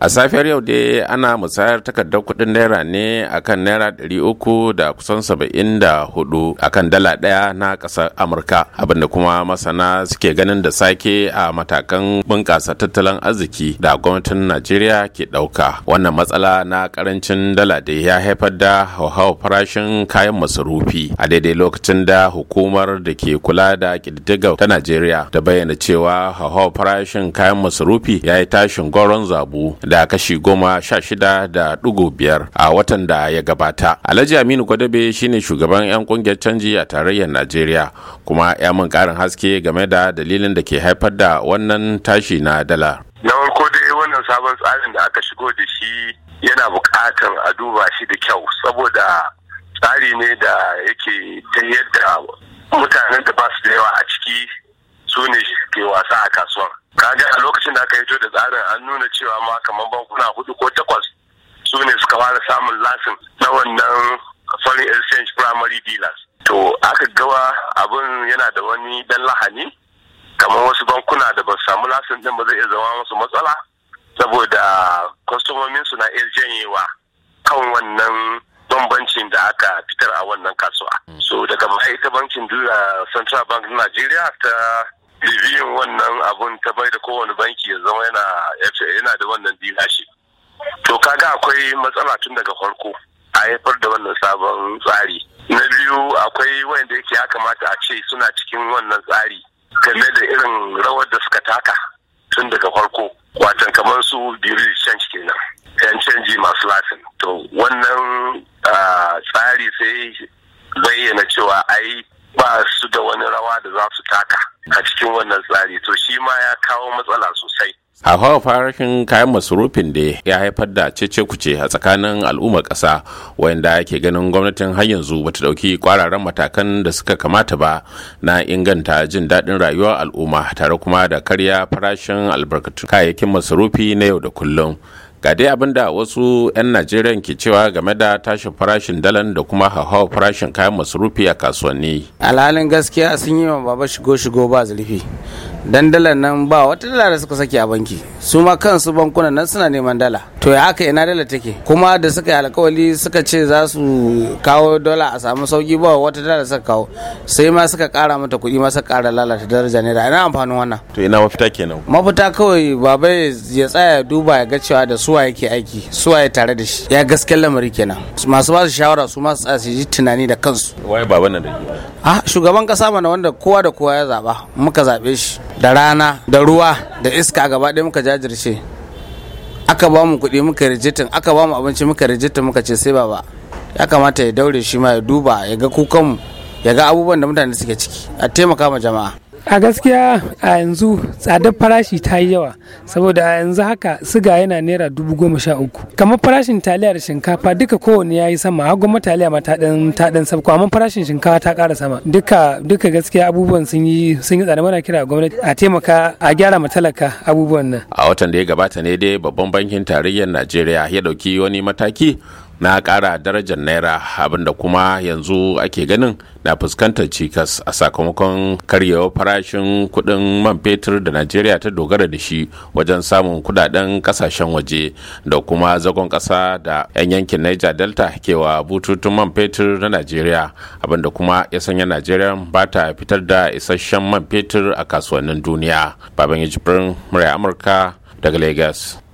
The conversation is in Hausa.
a safiyar yau dai ana musayar takardar kuɗin naira ne akan naira ɗari da kusan saba'in da hudu akan dala ɗaya na ƙasar amurka abinda kuma masana suke ganin da sake a matakan bunƙasa tattalin arziki da gwamnatin najeriya ke ɗauka wannan matsala na ƙarancin dala da ya haifar da hauhawar farashin kayan masarufi a daidai lokacin da hukumar da ke kula da ƙididdigar ta najeriya da bayyana cewa hauhawar farashin kayan masarufi ya yi tashin goron zabu da kashi goma sha shida da ɗigo biyar a watan da ya gabata alhaji aminu gwadabe shine shugaban 'yan kungiyar canji a tarayyar najeriya kuma ya min ƙarin haske game da dalilin da ke haifar da wannan tashi na dala na farko dai wannan sabon tsarin da aka shigo da shi yana buƙatar a duba shi da kyau saboda tsari ne da yake ta yadda mutanen da ba su da yawa a ciki su ne ke wasa a kasuwar da aka hito da tsarin an nuna cewa ma kamar bankuna hudu ko takwas su ne suka fara samun lasin na wannan foreign exchange primary dealers to aka gawa abin yana da wani dan lahani kamar wasu bankuna da ba samu lasin din ba zai iya zama masu matsala saboda kwastomomin su na iya janyewa kan wannan bambancin da aka fitar a wannan kasuwa mm. so daga ma'aikatar bankin central bank na najeriya ta bibiyin wannan abun ta bai da kowane banki ya zama yana yana da wannan dilashi to kaga akwai matsala tun daga farko a haifar da wannan sabon tsari na biyu akwai wanda yake ya kamata a ce suna cikin wannan tsari game da irin rawar da suka taka tun daga farko watan kamar su biri change kenan yan canji masu latin to wannan ah, tsari sai bayyana cewa ai ba su da wani rawa da za su taka a cikin wannan tsari to shi ma ya kawo matsala sosai hauhawar farashin kayan masarufin da ya haifar da cece kuce a tsakanin al'ummar ƙasa wanda ke ganin gwamnatin har yanzu bata dauki kwararan matakan da suka kamata ba na inganta jin daɗin rayuwar al'umma tare kuma da karya farashin albarkatun kayayyakin masarufi na yau da kullum ga dai abin da wasu 'yan najeriya ke cewa game da tashin farashin dalan da kuma hauhawar farashin kayan masurufi a kasuwanni alhalin gaskiya sun yi wa baba shigo shigo ba zurfi dandalan nan ba wata dala da suka saki a banki su ma kansu bankunan nan suna neman dala to ya haka ina dala take kuma da suka yi alkawali suka ce za su kawo dola a samu sauki ba wata dala suka kawo sai ma suka kara mata kuɗi ma suka kara lalata daraja da ina amfanin wannan to ina mafita kenan mafita kawai baba ya tsaya duba ya ga cewa da suwa yake aiki suwa ya tare da shi ya gaskiyar lamari kenan masu ba su shawara su ma su tsaya su ji tunani da kansu waye baba nan da a shugaban kasa mana wanda kowa da kowa ya zaba muka zabe shi da rana da ruwa da iska gaba ɗaya muka jajirce aka ba mu kuɗi muka rijitin aka ba mu abinci muka rijitin muka ce sai baba ya kamata ya daure shi ma ya duba ya ga kukanmu ya ga abubuwan da mutane suke ciki a taimaka ma jama'a a gaskiya a yanzu tsadar farashi ta yi yawa saboda a yanzu haka siga yana naira dubu goma sha uku kamar farashin taliya da shinkafa duka kowane ya yi sama har goma taliya ma ta dan sabko amma farashin shinkafa ta kara sama duka gaskiya abubuwan sun yi sun yi tsada mana kira gwamnati a taimaka a gyara talaka abubuwan nan a watan da ya gabata ne dai babban bankin tarayyar najeriya ya dauki wani mataki na ƙara darajar naira abinda kuma yanzu ake ganin na fuskantar cikas a sakamakon karyewar farashin kuɗin man fetur da najeriya ta dogara da shi wajen samun kudaden kasashen waje da kuma zagon kasa da 'yan yankin niger delta kewa bututun man fetur na najeriya abinda kuma ya sanya najeriya ba ta fitar da isasshen man fetur a kasuwannin duniya baban amurka daga lagos